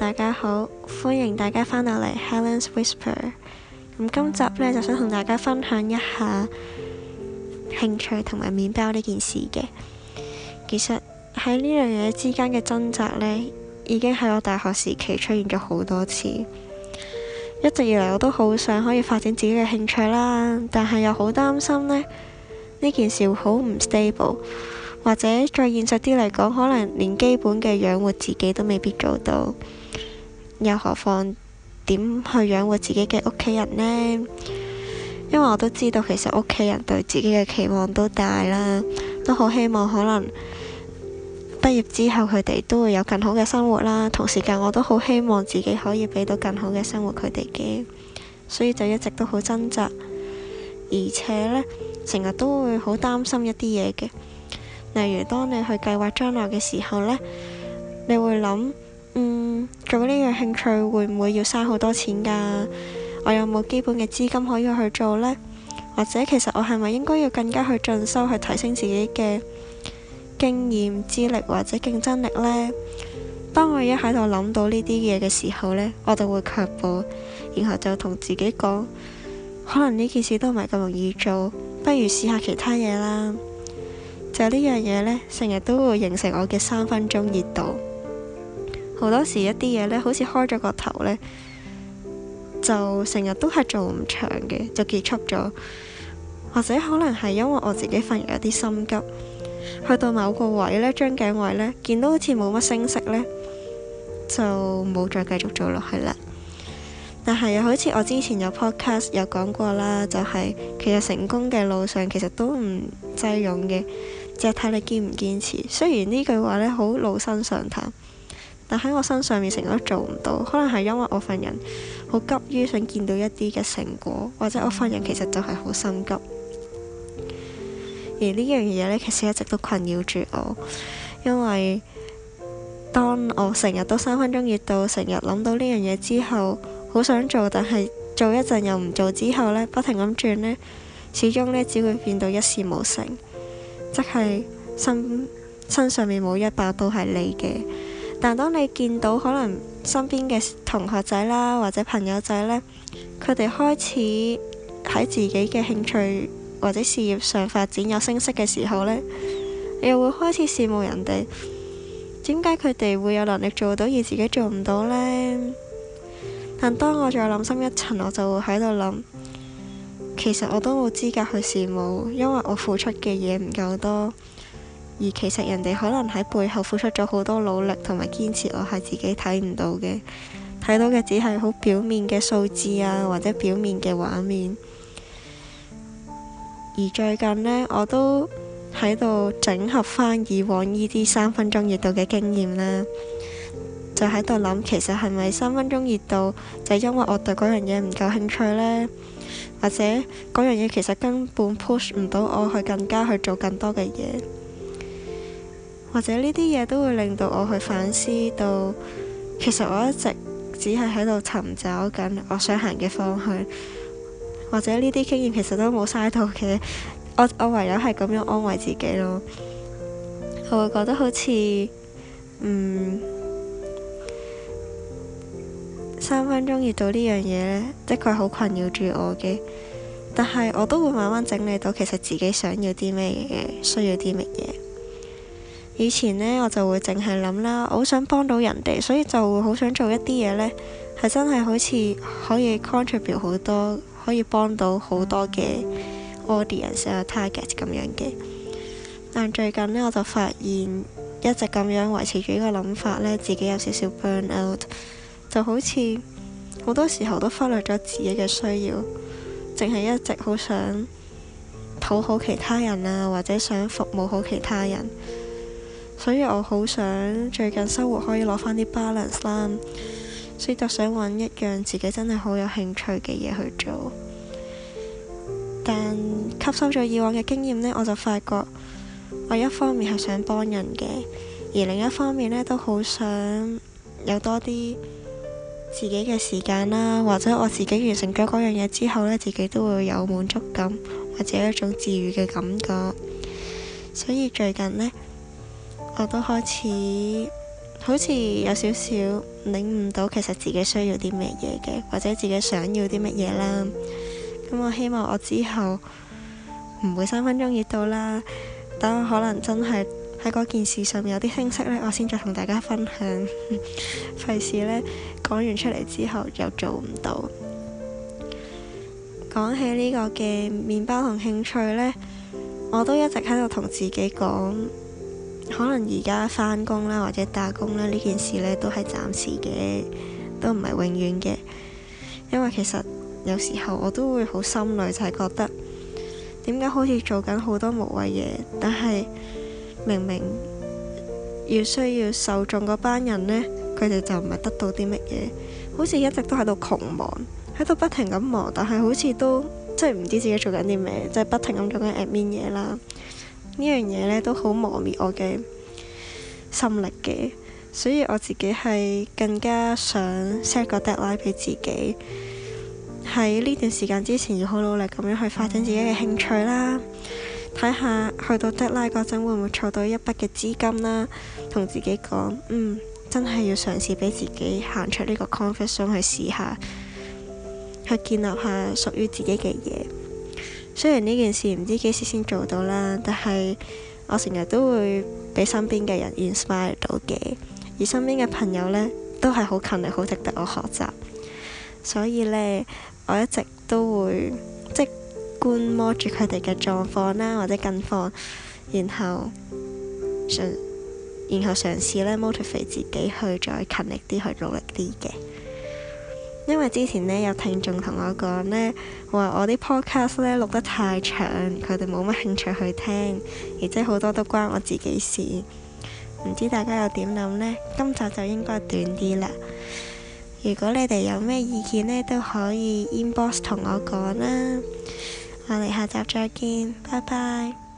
大家好，歡迎大家返到嚟《Helen's Whisper》。咁今集呢，就想同大家分享一下興趣同埋麵包呢件事嘅。其實喺呢樣嘢之間嘅掙扎呢，已經喺我大學時期出現咗好多次。一直以嚟我都好想可以發展自己嘅興趣啦，但係又好擔心呢呢件事會好唔 stable，或者再現實啲嚟講，可能連基本嘅養活自己都未必做到。又何況點去養活自己嘅屋企人呢？因為我都知道，其實屋企人對自己嘅期望都大啦，都好希望可能畢業之後佢哋都會有更好嘅生活啦。同時間，我都好希望自己可以俾到更好嘅生活佢哋嘅，所以就一直都好掙扎，而且呢，成日都會好擔心一啲嘢嘅，例如當你去計劃將來嘅時候呢，你會諗。嗯，做呢樣興趣會唔會要嘥好多錢㗎？我有冇基本嘅資金可以去做呢？或者其實我係咪應該要更加去進修，去提升自己嘅經驗、資歷或者競爭力呢？當我一喺度諗到呢啲嘢嘅時候呢，我就會卻步，然後就同自己講，可能呢件事都唔係咁容易做，不如試下其他嘢啦。就呢樣嘢呢，成日都會形成我嘅三分鐘熱度。好多時一啲嘢呢，好似開咗個頭呢，就成日都係做唔長嘅，就結束咗。或者可能係因為我自己份人有啲心急，去到某個位呢，樽頸位呢，見到好似冇乜聲息呢，就冇再繼續做落去啦。但係又好似我之前有 podcast 有講過啦，就係、是、其實成功嘅路上其實都唔擠擁嘅，只係睇你堅唔堅持。雖然呢句話呢，好老生常談。但喺我身上面成日都做唔到，可能係因為我份人好急於想見到一啲嘅成果，或者我份人其實就係好心急。而呢樣嘢呢，其實一直都困擾住我，因為當我成日都三分鐘熱度，成日諗到呢樣嘢之後，好想做，但係做一陣又唔做之後呢，不停咁轉呢，始終呢，只會變到一事無成，即係身身上面冇一把刀係利嘅。但當你見到可能身邊嘅同學仔啦，或者朋友仔呢，佢哋開始喺自己嘅興趣或者事業上發展有聲色嘅時候呢，你又會開始羨慕人哋，點解佢哋會有能力做到而自己做唔到呢？但當我再諗深一層，我就會喺度諗，其實我都冇資格去羨慕，因為我付出嘅嘢唔夠多。而其實人哋可能喺背後付出咗好多努力同埋堅持，我係自己睇唔到嘅，睇到嘅只係好表面嘅數字啊，或者表面嘅畫面。而最近呢，我都喺度整合返以往呢啲三分鐘熱度嘅經驗啦，就喺度諗其實係咪三分鐘熱度就係因為我對嗰樣嘢唔夠興趣呢？或者嗰樣嘢其實根本 push 唔到我去更加去做更多嘅嘢。或者呢啲嘢都會令到我去反思到，其實我一直只係喺度尋找緊我想行嘅方向，或者呢啲經驗其實都冇嘥到嘅。我我唯有係咁樣安慰自己咯，我會覺得好似嗯三分鐘熱度呢樣嘢呢，即係佢好困擾住我嘅。但係我都會慢慢整理到，其實自己想要啲咩嘢，需要啲乜嘢。以前呢，我就會淨係諗啦，我好想幫到人哋，所以就會好想做一啲嘢呢，係真係好似可以 contribute 好多，可以幫到好多嘅 audience 啊、target 咁樣嘅。但最近呢，我就發現一直咁樣維持住呢個諗法呢，自己有少少 burn out，就好似好多時候都忽略咗自己嘅需要，淨係一直好想討好其他人啊，或者想服務好其他人。所以我好想最近生活可以攞翻啲 balance 啦，所以就想揾一樣自己真係好有興趣嘅嘢去做。但吸收咗以往嘅經驗呢，我就發覺，我一方面係想幫人嘅，而另一方面呢，都好想有多啲自己嘅時間啦，或者我自己完成咗嗰樣嘢之後呢，自己都會有滿足感，或者有一種治癒嘅感覺。所以最近呢。我都開始好似有少少領悟到，其實自己需要啲咩嘢嘅，或者自己想要啲乜嘢啦。咁我希望我之後唔會三分鐘熱度啦，等我可能真係喺嗰件事上面有啲清晰咧，我先再同大家分享。費事呢講完出嚟之後又做唔到。講起呢個嘅麵包同興趣呢，我都一直喺度同自己講。可能而家返工啦，或者打工啦，呢件事呢都係暫時嘅，都唔係永遠嘅。因為其實有時候我都會好心累，就係、是、覺得點解好似做緊好多無謂嘢？但係明明要需要受眾嗰班人呢，佢哋就唔係得到啲乜嘢，好似一直都喺度窮忙，喺度不停咁忙，但係好似都即係唔知自己做緊啲咩，即、就、係、是、不停咁做緊 admin 嘢啦。樣呢樣嘢呢都好磨滅我嘅心力嘅，所以我自己係更加想 set 個 deadline 俾自己喺呢段時間之前，要好努力咁樣去發展自己嘅興趣啦，睇下去到 deadline 嗰陣會唔會湊到一筆嘅資金啦，同自己講，嗯，真係要嘗試俾自己行出呢個 confession 去試下，去建立下屬於自己嘅嘢。雖然呢件事唔知幾時先做到啦，但係我成日都會俾身邊嘅人 inspire 到嘅，而身邊嘅朋友呢，都係好勤力，好值得我學習，所以呢，我一直都會即觀摩住佢哋嘅狀況啦，或者近況，然後嘗，然後嘗試呢，motivate 自己去再勤力啲，去努力啲嘅。因為之前呢，有聽眾同我講呢，話我啲 podcast 呢，錄得太長，佢哋冇乜興趣去聽，而且好多都關我自己事。唔知大家又點諗呢？今集就應該短啲啦。如果你哋有咩意見呢，都可以 inbox 同我講啦。我哋下集再見，拜拜。